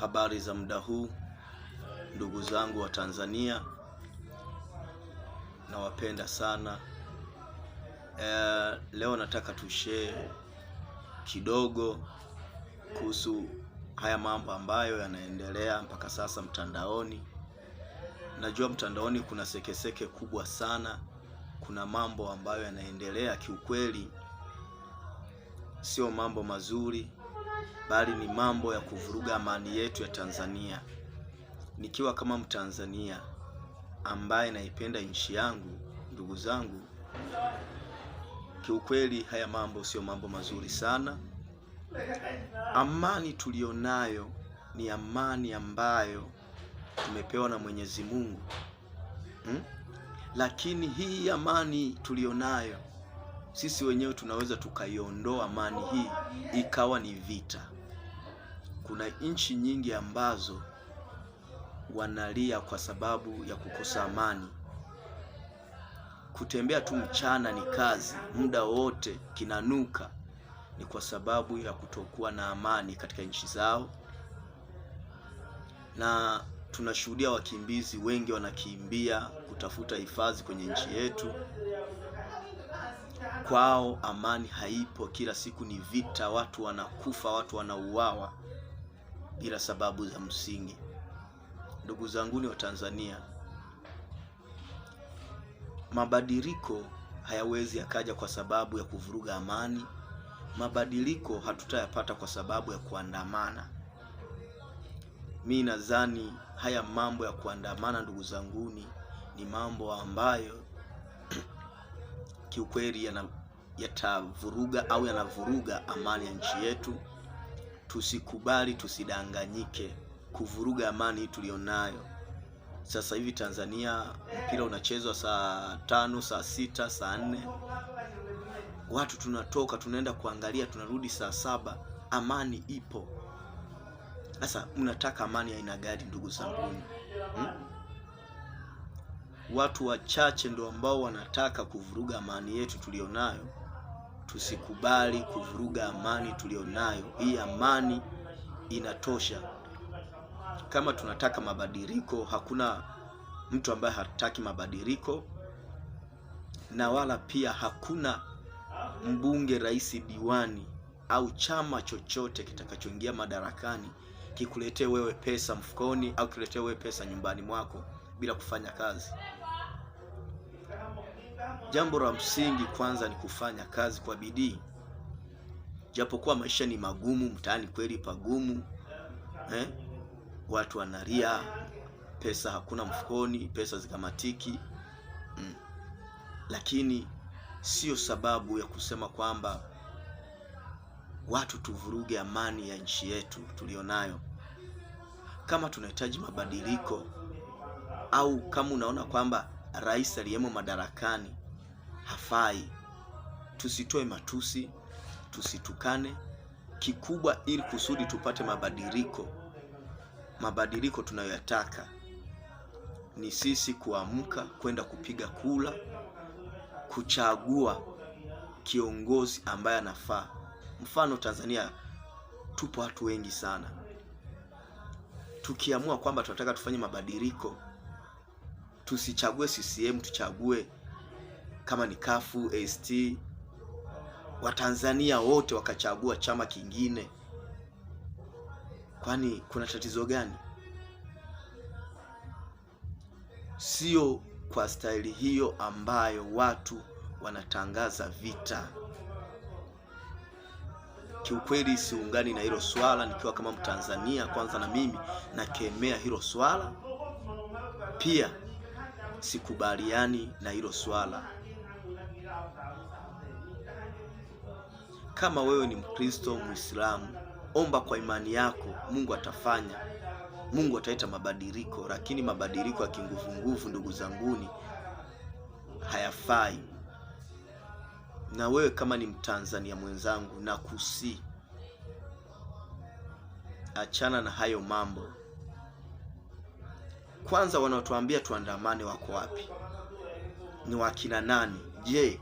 Habari za muda huu ndugu zangu wa Tanzania, nawapenda sana. E, leo nataka tushee kidogo kuhusu haya mambo ambayo yanaendelea mpaka sasa mtandaoni. Najua mtandaoni kuna sekeseke seke kubwa sana, kuna mambo ambayo yanaendelea kiukweli sio mambo mazuri bali ni mambo ya kuvuruga amani yetu ya Tanzania. Nikiwa kama Mtanzania ambaye naipenda nchi yangu, ndugu zangu, kiukweli haya mambo sio mambo mazuri sana. Amani tuliyonayo ni amani ambayo tumepewa na Mwenyezi Mungu hmm? Lakini hii amani tuliyonayo sisi wenyewe tunaweza tukaiondoa amani hii ikawa ni vita kuna nchi nyingi ambazo wanalia kwa sababu ya kukosa amani. Kutembea tu mchana ni kazi, muda wote kinanuka, ni kwa sababu ya kutokuwa na amani katika nchi zao, na tunashuhudia wakimbizi wengi wanakimbia kutafuta hifadhi kwenye nchi yetu. Kwao amani haipo, kila siku ni vita, watu wanakufa, watu wanauawa bila sababu za msingi. Ndugu zanguni wa Tanzania, mabadiliko hayawezi yakaja kwa sababu ya kuvuruga amani. Mabadiliko hatutayapata kwa sababu ya kuandamana. Mi nadhani haya mambo ya kuandamana, ndugu zanguni, ni mambo ambayo kiukweli yatavuruga au yanavuruga amani ya nchi yetu. Tusikubali, tusidanganyike kuvuruga amani tulionayo sasa hivi Tanzania. Mpira unachezwa saa tano, saa sita, saa nne, watu tunatoka tunaenda kuangalia, tunarudi saa saba. Amani ipo. Sasa mnataka amani aina gani, ndugu zangu hmm? Watu wachache ndio ambao wanataka kuvuruga amani yetu tuliyonayo tusikubali kuvuruga amani tuliyonayo. Hii amani inatosha. Kama tunataka mabadiliko, hakuna mtu ambaye hataki mabadiliko, na wala pia hakuna mbunge, rais, diwani au chama chochote kitakachoingia madarakani kikuletee wewe pesa mfukoni au kikuletee wewe pesa nyumbani mwako bila kufanya kazi. Jambo la msingi kwanza ni kufanya kazi kwa bidii, japokuwa maisha ni magumu, mtaani kweli pagumu eh? Watu wanalia, pesa hakuna mfukoni, pesa zikamatiki mm. Lakini sio sababu ya kusema kwamba watu tuvuruge amani ya nchi yetu tulionayo. Kama tunahitaji mabadiliko au kama unaona kwamba rais aliyemo madarakani hafai. Tusitoe matusi, tusitukane, kikubwa ili kusudi tupate mabadiliko. Mabadiliko tunayoyataka ni sisi kuamka kwenda kupiga kura, kuchagua kiongozi ambaye anafaa. Mfano, Tanzania tupo watu wengi sana, tukiamua kwamba tunataka tufanye mabadiliko tusichague CCM, tuchague kama ni Kafu ACT, Watanzania wote wakachagua chama kingine, kwani kuna tatizo gani? Sio kwa staili hiyo ambayo watu wanatangaza vita. Kiukweli siungani na hilo swala, nikiwa kama Mtanzania kwanza, na mimi nakemea hilo swala pia sikubaliani na hilo swala. Kama wewe ni Mkristo, Muislamu, omba kwa imani yako, Mungu atafanya, Mungu ataleta mabadiliko. Lakini mabadiliko ya kinguvunguvu, ndugu zanguni, hayafai. Na wewe kama ni Mtanzania mwenzangu, kusi achana na hayo mambo. Kwanza, wanaotuambia tuandamane wako wapi? Ni wakina nani? Je,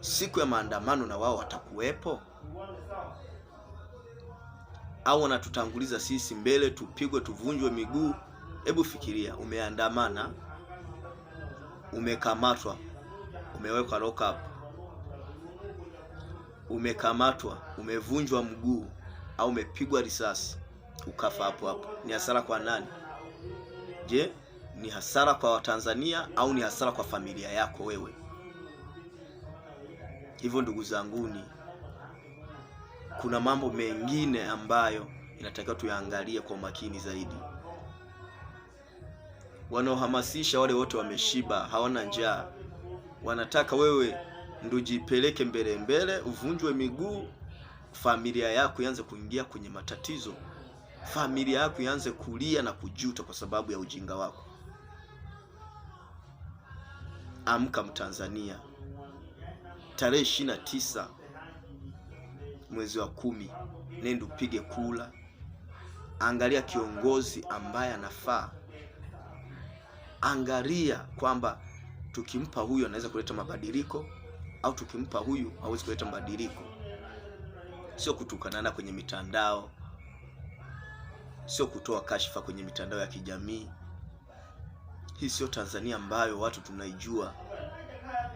siku ya maandamano na wao watakuwepo au wanatutanguliza sisi mbele, tupigwe tuvunjwe miguu? Hebu fikiria, umeandamana, umekamatwa, umewekwa lock up, umekamatwa, umevunjwa mguu au umepigwa risasi, ukafa hapo hapo. Ni hasara kwa nani? Je, ni hasara kwa Watanzania au ni hasara kwa familia yako wewe? Hivyo ndugu zanguni, kuna mambo mengine ambayo inatakiwa tuyaangalie kwa umakini zaidi. Wanaohamasisha wale wote wameshiba, hawana njaa, wanataka wewe ndujipeleke mbele mbele, uvunjwe miguu, familia yako ianze kuingia kwenye matatizo familia yako ianze kulia na kujuta kwa sababu ya ujinga wako. Amka Mtanzania, tarehe ishirini na tisa mwezi wa kumi, nenda upige kula. Angalia kiongozi ambaye anafaa, angalia kwamba tukimpa huyu anaweza kuleta mabadiliko au tukimpa huyu hawezi kuleta mabadiliko, sio kutukanana kwenye mitandao sio kutoa kashfa kwenye mitandao ya kijamii. Hii sio Tanzania ambayo watu tunaijua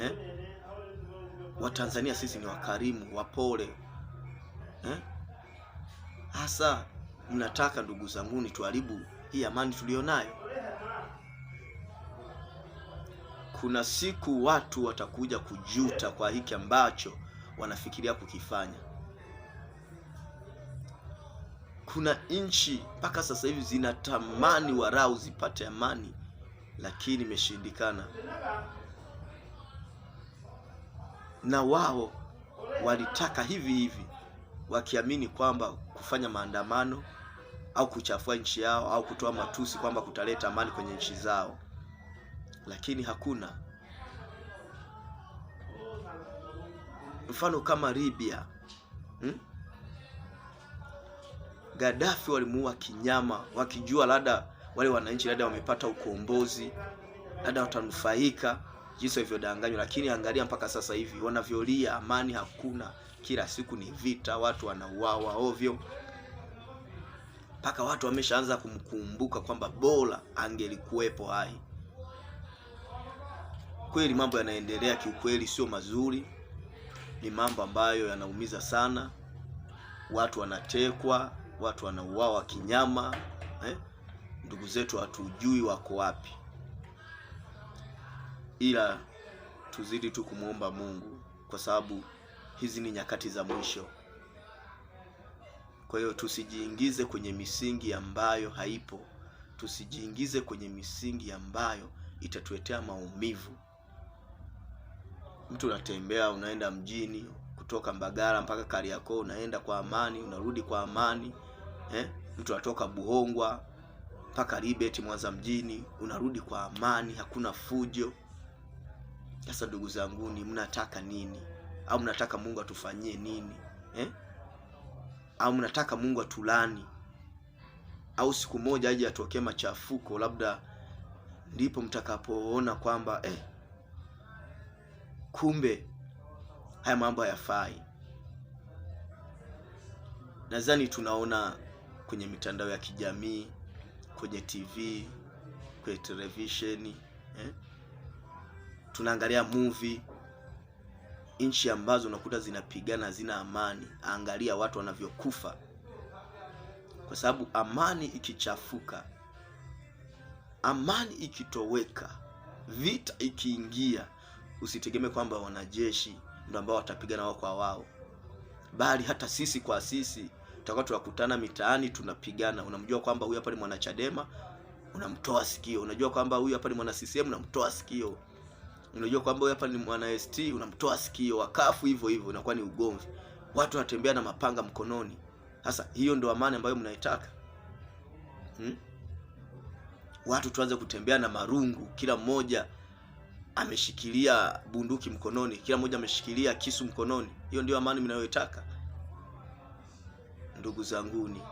eh? Watanzania sisi ni wakarimu, wapole eh? hasa eh? Mnataka ndugu zanguni tuharibu hii amani tulionayo. Kuna siku watu watakuja kujuta kwa hiki ambacho wanafikiria kukifanya. Kuna nchi mpaka sasa hivi zinatamani warau zipate amani, lakini imeshindikana, na wao walitaka hivi hivi, wakiamini kwamba kufanya maandamano au kuchafua nchi yao au kutoa matusi kwamba kutaleta amani kwenye nchi zao, lakini hakuna. Mfano kama Libya hmm? Gaddafi walimuua kinyama, wakijua labda wale wananchi labda wamepata ukombozi, labda watanufaika jinsi walivyodanganywa. Lakini angalia mpaka sasa hivi wanavyolia, amani hakuna, kila siku ni vita, watu wanauawa ovyo, mpaka watu wameshaanza kumkumbuka kwamba bora angelikuwepo hai. Kweli mambo yanaendelea kiukweli, sio mazuri, ni mambo ambayo yanaumiza sana, watu wanatekwa watu wanauawa kinyama eh? Ndugu zetu hatujui wako wapi, ila tuzidi tu kumwomba Mungu kwa sababu hizi ni nyakati za mwisho. Kwa hiyo tusijiingize kwenye misingi ambayo haipo, tusijiingize kwenye misingi ambayo itatuletea maumivu. Mtu unatembea unaenda mjini kutoka Mbagala mpaka Kariakoo, unaenda kwa amani, unarudi kwa amani eh? Mtu anatoka Buhongwa mpaka Libeti Mwanza mjini, unarudi kwa amani, hakuna fujo. Sasa ndugu zanguni, mnataka nini? Au mnataka Mungu atufanyie nini eh? Au mnataka Mungu atulani? Au siku moja aje atokee machafuko, labda ndipo mtakapoona kwamba eh, kumbe haya mambo hayafai. Nadhani tunaona kwenye mitandao ya kijamii, kwenye TV, kwenye televisheni eh? Tunaangalia movie. Nchi ambazo unakuta zinapigana zina amani, angalia watu wanavyokufa, kwa sababu amani ikichafuka, amani ikitoweka, vita ikiingia, usitegemee kwamba wanajeshi ndio ambao watapigana wao kwa wao, bali hata sisi kwa sisi tutakuwa tunakutana mitaani tunapigana. Unamjua kwamba huyu hapa ni mwanachadema unamtoa sikio. Unajua kwamba huyu hapa ni mwana CCM, unamtoa sikio. Unajua kwamba huyu hapa ni mwana ST, unamtoa sikio. Wakafu hivyo hivyo, inakuwa ni ugomvi, watu wanatembea na mapanga mkononi. Sasa hiyo ndio amani ambayo mnaitaka hmm? Watu tuanze kutembea na marungu, kila mmoja ameshikilia bunduki mkononi, kila mmoja ameshikilia kisu mkononi. Hiyo ndio amani mnayoitaka? ndugu zanguni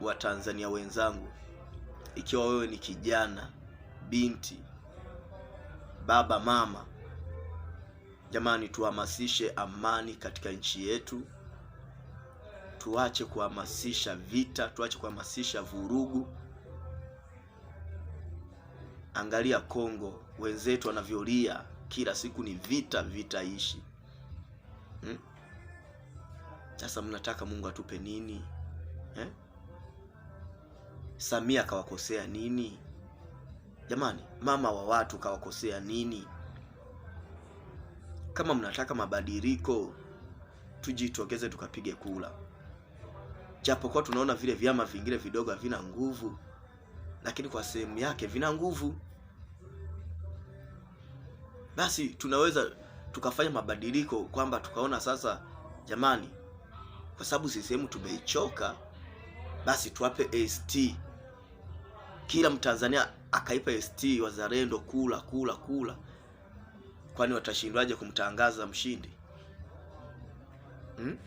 wa Tanzania wenzangu, ikiwa wewe ni kijana, binti, baba, mama, jamani, tuhamasishe amani katika nchi yetu. Tuache kuhamasisha vita, tuache kuhamasisha vurugu. Angalia Kongo wenzetu wanavyolia, kila siku ni vita, vitaishi hmm? Sasa mnataka Mungu atupe nini eh? Samia kawakosea nini jamani? Mama wa watu kawakosea nini? Kama mnataka mabadiliko, tujitokeze tukapige kula, japokuwa tunaona vile vyama vingine vidogo havina nguvu, lakini kwa sehemu yake vina nguvu. Basi tunaweza tukafanya mabadiliko kwamba tukaona sasa, jamani kwa sababu CCM tumeichoka, basi tuwape ACT, kila Mtanzania akaipa ACT wazalendo, kula kula kula. Kwani watashindwaje kumtangaza mshindi hmm?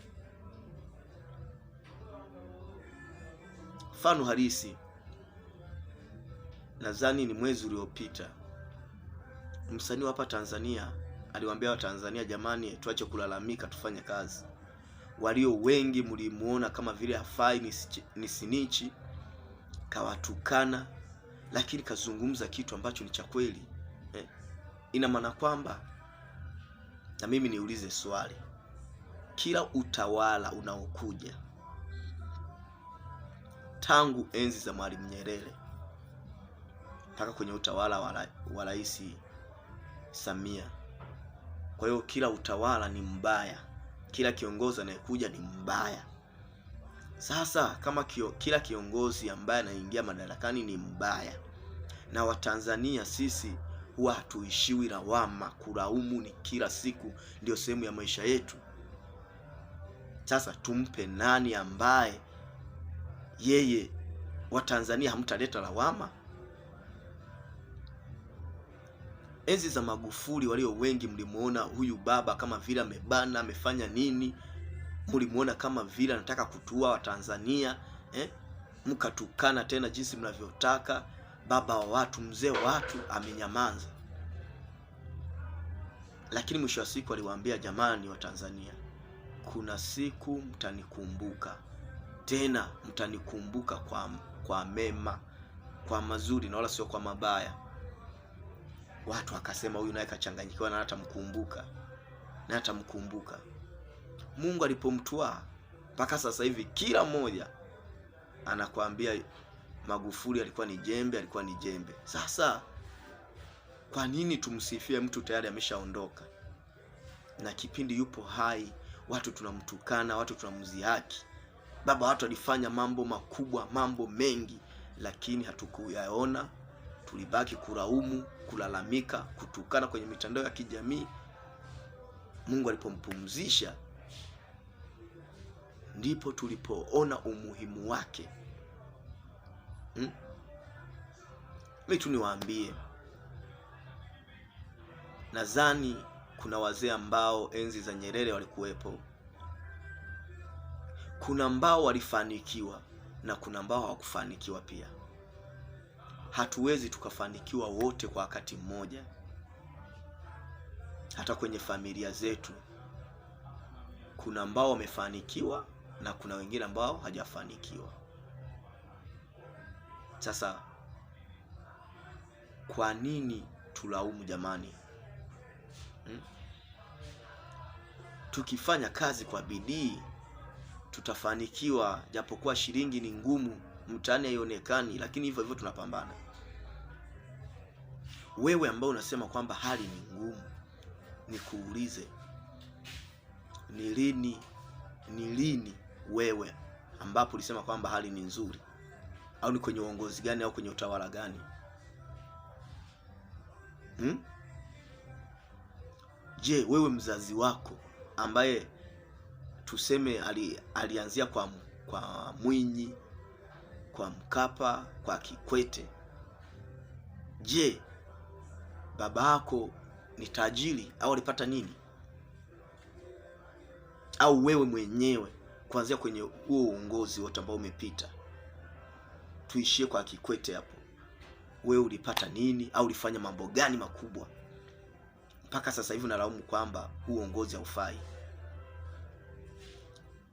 Mfano halisi nadhani ni mwezi uliopita msanii hapa Tanzania aliwaambia Watanzania, jamani, tuache kulalamika tufanye kazi walio wengi mlimuona kama vile hafai, ni sinichi, kawatukana, lakini kazungumza kitu ambacho ni cha kweli eh. Ina maana kwamba na mimi niulize swali, kila utawala unaokuja tangu enzi za Mwalimu Nyerere mpaka kwenye utawala wa Rais Samia. Kwa hiyo kila utawala ni mbaya kila kiongozi anayekuja ni mbaya. Sasa kama kio, kila kiongozi ambaye anaingia madarakani ni mbaya, na Watanzania sisi huwa hatuishiwi lawama, kulaumu ni kila siku, ndio sehemu ya maisha yetu. Sasa tumpe nani ambaye yeye Watanzania hamtaleta lawama? enzi za Magufuli walio wengi mlimuona huyu baba kama vile amebana, amefanya nini, mlimuona kama vile anataka kutua Watanzania eh? Mkatukana tena jinsi mnavyotaka. Baba wa watu, mzee wa watu, amenyamaza, lakini mwisho wa siku aliwaambia jamani, Watanzania, kuna siku mtanikumbuka tena, mtanikumbuka kwa, kwa mema, kwa mazuri na wala sio kwa mabaya watu akasema huyu naye kachanganyikiwa na hatamkumbuka na hatamkumbuka. Mungu alipomtwaa mpaka sasa hivi kila mmoja anakuambia Magufuli alikuwa ni jembe, alikuwa ni jembe. Sasa kwa nini tumsifie mtu tayari ameshaondoka na kipindi yupo hai? Watu tunamtukana, watu tunamdhihaki. Baba, watu alifanya mambo makubwa, mambo mengi, lakini hatukuyaona tulibaki kulaumu, kulalamika, kutukana kwenye mitandao ya kijamii. Mungu alipompumzisha ndipo tulipoona umuhimu wake. Hmm? Mimi tu niwaambie, nadhani kuna wazee ambao enzi za Nyerere walikuwepo, kuna ambao walifanikiwa na kuna ambao hawakufanikiwa pia hatuwezi tukafanikiwa wote kwa wakati mmoja, hata kwenye familia zetu kuna ambao wamefanikiwa na kuna wengine ambao hajafanikiwa. Sasa kwa nini tulaumu jamani? Hmm? Tukifanya kazi kwa bidii tutafanikiwa, japokuwa shilingi ni ngumu, mtaani haionekani, lakini hivyo hivyo tunapambana. Wewe ambao unasema kwamba hali ni ngumu, nikuulize, ni lini ni lini wewe ambapo ulisema kwamba hali ni nzuri? Au ni kwenye uongozi gani au kwenye utawala gani hmm? Je, wewe mzazi wako ambaye tuseme ali, alianzia kwa, kwa Mwinyi, kwa Mkapa, kwa Kikwete, je baba yako ni tajiri au alipata nini, au wewe mwenyewe kuanzia kwenye huo uongozi wote ambao umepita, tuishie kwa Kikwete hapo. Wewe ulipata nini au ulifanya mambo gani makubwa mpaka sasa hivi unalaumu kwamba huu uongozi haufai?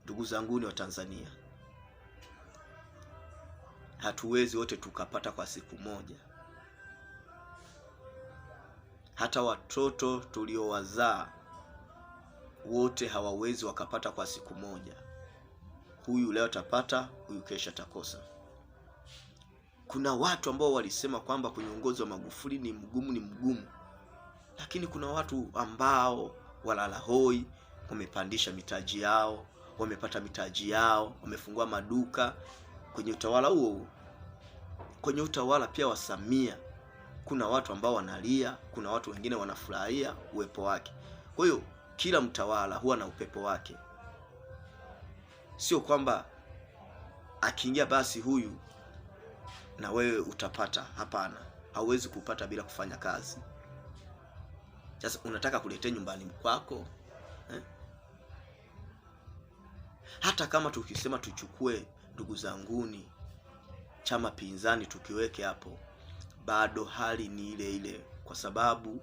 Ndugu zangu ni Watanzania, hatuwezi wote tukapata kwa siku moja hata watoto tuliowazaa wote hawawezi wakapata kwa siku moja. Huyu leo atapata, huyu kesho atakosa. Kuna watu ambao walisema kwamba kwenye uongozi wa Magufuli ni mgumu, ni mgumu, lakini kuna watu ambao walala hoi wamepandisha mitaji yao, wamepata mitaji yao, wamefungua maduka kwenye utawala huo, kwenye utawala pia wa Samia kuna watu ambao wanalia, kuna watu wengine wanafurahia uwepo wake. Kwa hiyo kila mtawala huwa na upepo wake, sio kwamba akiingia basi huyu na wewe utapata. Hapana, hauwezi kupata bila kufanya kazi. Sasa unataka kuletea nyumbani kwako eh? Hata kama tukisema tuchukue ndugu zanguni chama pinzani tukiweke hapo bado hali ni ile ile, kwa sababu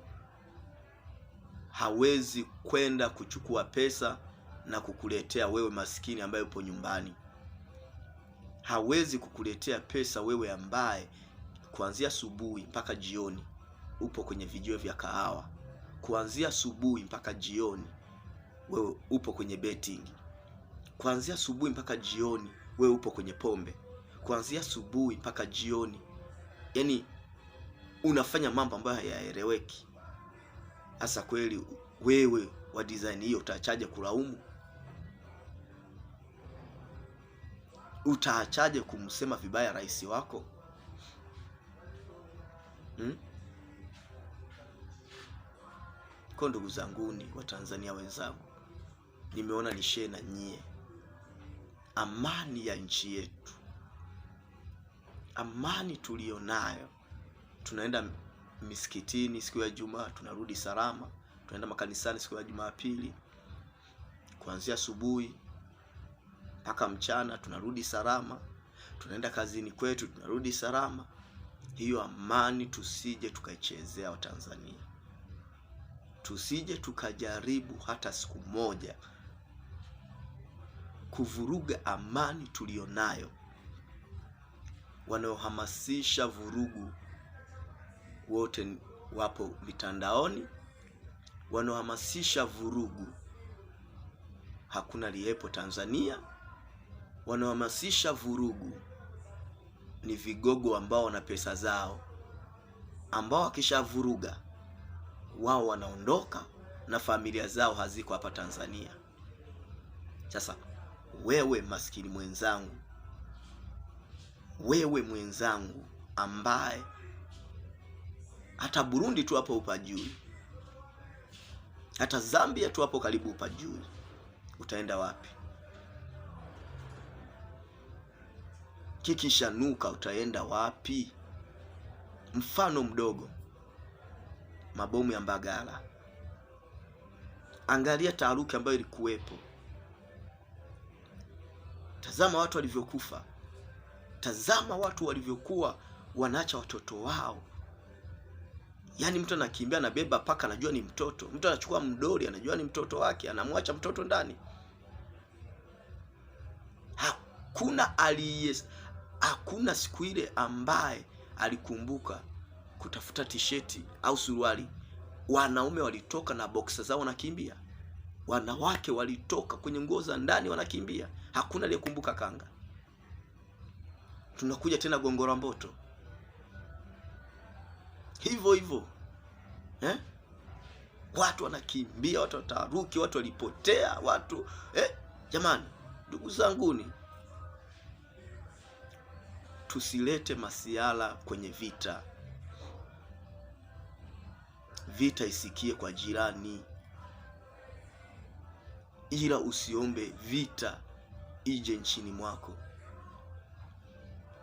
hawezi kwenda kuchukua pesa na kukuletea wewe maskini ambaye upo nyumbani. Hawezi kukuletea pesa wewe ambaye kuanzia asubuhi mpaka jioni upo kwenye vijiwe vya kahawa, kuanzia asubuhi mpaka jioni wewe upo kwenye betting, kuanzia asubuhi mpaka jioni wewe upo kwenye pombe, kuanzia asubuhi mpaka jioni, yani unafanya mambo ambayo hayaeleweki. Hasa kweli wewe wa design hiyo utaachaje kulaumu? Utaachaje kumsema vibaya rais wako hmm? Kwa ndugu zanguni Watanzania wenzangu, nimeona ni shee na nyie amani ya nchi yetu, amani tuliyonayo nayo tunaenda misikitini siku ya Jumaa, tunarudi salama. Tunaenda makanisani siku ya Jumapili kuanzia asubuhi mpaka mchana, tunarudi salama. Tunaenda kazini kwetu, tunarudi salama. Hiyo amani tusije tukaichezea Watanzania, tusije tukajaribu hata siku moja kuvuruga amani tuliyonayo. Wanaohamasisha vurugu wote wapo mitandaoni, wanaohamasisha vurugu hakuna liepo Tanzania. Wanaohamasisha vurugu ni vigogo ambao wana pesa zao, ambao wakishavuruga wao wanaondoka na familia zao haziko hapa Tanzania. Sasa wewe maskini mwenzangu, wewe mwenzangu ambaye hata Burundi tu hapo upajui, hata Zambia tu hapo karibu upajui, utaenda wapi? Kikishanuka utaenda wapi? Mfano mdogo, mabomu ya Mbagala. Angalia taharuki ambayo ilikuwepo, tazama watu walivyokufa, tazama watu walivyokuwa wanaacha watoto wao Yaani mtu anakimbia anabeba paka anajua ni mtoto. Mtu anachukua mdoli anajua ni mtoto wake, anamwacha mtoto ndani. Hakuna aliye hakuna siku ile ambaye alikumbuka kutafuta tisheti au suruali. Wanaume walitoka na boksa zao wanakimbia, wanawake walitoka kwenye nguo za ndani wanakimbia. Hakuna aliyekumbuka kanga. Tunakuja tena Gongola Mboto hivyo hivyo eh? Watu wanakimbia, watu wataruki, watu walipotea, watu eh? Jamani, ndugu zanguni, tusilete masiala kwenye vita. Vita isikie kwa jirani, ila usiombe vita ije nchini mwako.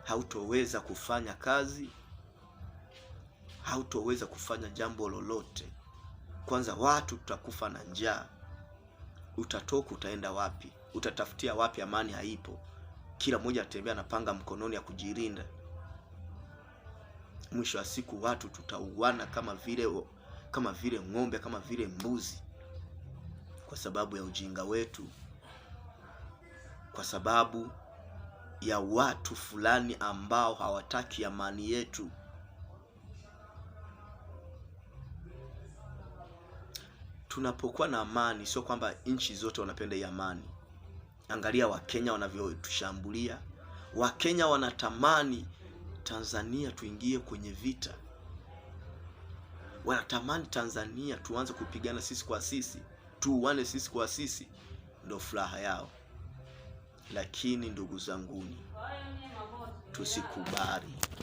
Hautoweza kufanya kazi hautoweza kufanya jambo lolote. Kwanza watu tutakufa na njaa, utatoka utaenda wapi? Utatafutia wapi? Amani haipo, kila mmoja atembea na panga mkononi ya kujilinda. Mwisho wa siku watu tutauana kama vile kama vile ng'ombe, kama vile mbuzi, kwa sababu ya ujinga wetu, kwa sababu ya watu fulani ambao hawataki amani yetu. tunapokuwa na amani, sio kwamba nchi zote wanapenda hii amani. Angalia Wakenya wanavyotushambulia. Wakenya wanatamani Tanzania tuingie kwenye vita, wanatamani Tanzania tuanze kupigana sisi kwa sisi, tuuane sisi kwa sisi, ndio furaha yao. Lakini ndugu zanguni, tusikubali.